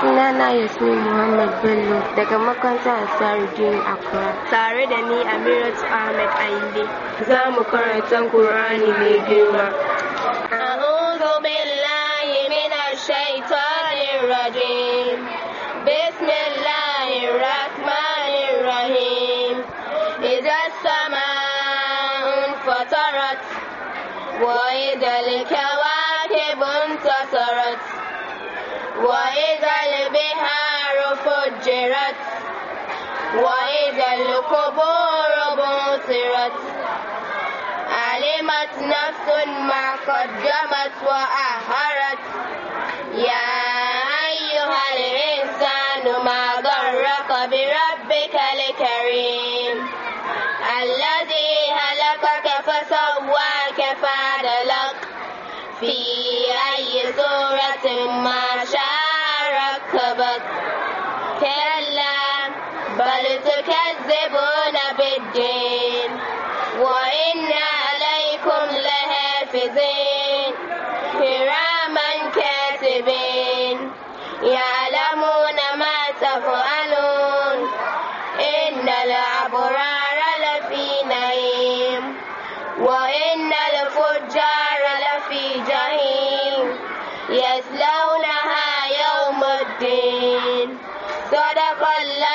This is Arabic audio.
Sunana Yasmin Muhammad Bello daga makaranta Asaruddin Accra. Tare da ni Amirat Ahmed Ainde. Za mu karanta Kur'ani mai girma. أعوذ بالله من الشيطان الرجيم بسم الله الرحمن الرحيم إذا السماء انفطرت وإذا الكواكب انتصرت وإذا وإذا القبور بعثرت علمت نفس ما قدمت وأهرت يا أيها الإنسان ما غرك بربك الكريم الذي هلكك فسواك فعدلك في أي سورة ما شاء بل تكذبون بالدين وإن عليكم لحافظين كراما كاتبين يعلمون ما تفعلون إن الأبرار لفي نعيم وإن الفجار لفي جحيم يسلونها يوم الدين صدق الله